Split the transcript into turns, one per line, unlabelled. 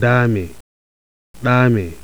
dame ɗame